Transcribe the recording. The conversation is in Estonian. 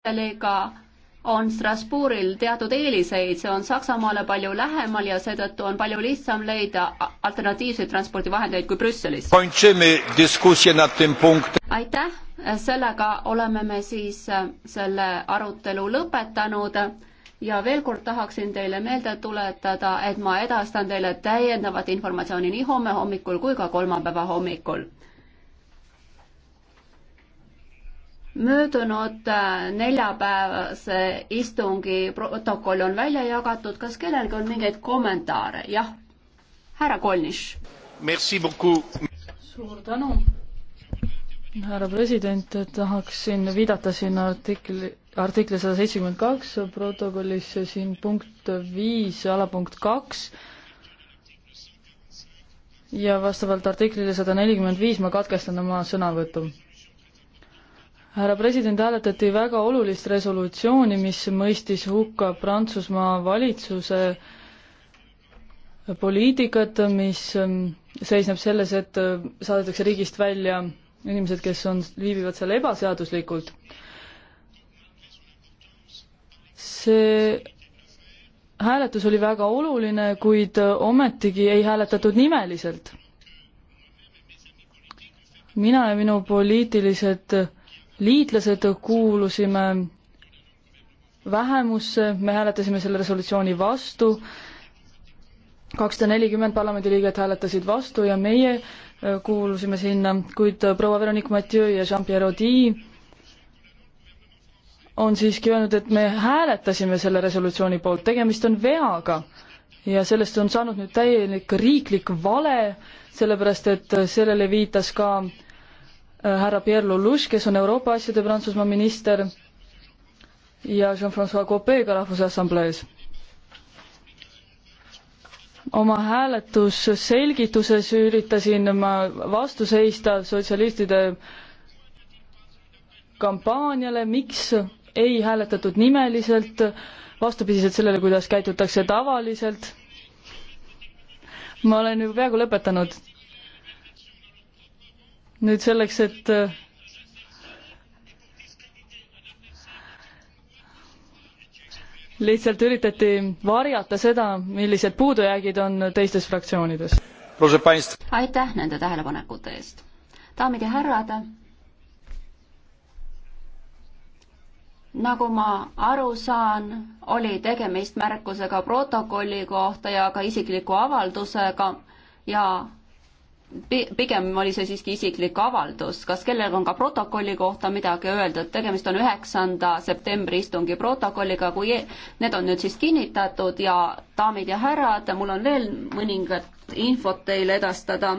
Brüsseliga on Strasbourgil teatud eeliseid, see on Saksamaale palju lähemal ja seetõttu on palju lihtsam leida alternatiivseid transpordivahendeid kui Brüsselis. aitäh, sellega oleme me siis äh, selle arutelu lõpetanud ja veel kord tahaksin teile meelde tuletada, et ma edastan teile täiendavat informatsiooni nii homme hommikul kui ka kolmapäeva hommikul möödunud äh, neljapäevase istungi protokoll on välja jagatud, kas kellelgi on mingeid kommentaare? jah, härra Kolniš. suur tänu, härra president, tahaksin viidata siin artikli, artikli sada seitsekümmend kaks protokollis siin punkt viis alapunkt kaks ja vastavalt artiklile sada nelikümmend viis ma katkestan oma sõnavõtu härra president, hääletati väga olulist resolutsiooni, mis mõistis hukka Prantsusmaa valitsuse poliitikat, mis ähm, seisneb selles, et äh, saadetakse riigist välja inimesed, kes on, viibivad seal ebaseaduslikult. see hääletus oli väga oluline, kuid äh, ometigi ei hääletatud nimeliselt. mina ja minu poliitilised liitlased kuulusime vähemusse, me hääletasime selle resolutsiooni vastu, kakssada nelikümmend parlamendiliiget hääletasid vastu ja meie äh, kuulusime sinna, kuid äh, proua Veronique Mathieu ja Jean-Pierre Audi on siiski öelnud, et me hääletasime selle resolutsiooni poolt, tegemist on veaga. ja sellest on saanud nüüd täielik riiklik vale, sellepärast et äh, sellele viitas ka äh, Äh, härra Pierre Lelouch, kes on Euroopa asjade Prantsusmaa minister ja Jean-Francois Copega Rahvusassamblees. oma hääletusselgituses üritasin ma vastu seista sotsialistide kampaaniale, miks ei hääletatud nimeliselt, vastupidiselt sellele, kuidas käitutakse tavaliselt. ma olen ju peaaegu lõpetanud nüüd selleks, et lihtsalt üritati varjata seda, millised puudujäägid on teistes fraktsioonides. aitäh nende tähelepanekute eest. daamid ja härrad, nagu ma aru saan, oli tegemist märkusega protokolli kohta ja ka isikliku avaldusega ja pigem oli see siiski isiklik avaldus, kas kellelgi on ka protokolli kohta midagi öelda, et tegemist on üheksanda septembri istungi protokolliga, kui e-, need on nüüd siis kinnitatud ja daamid ja härrad, mul on veel mõningat infot teile edastada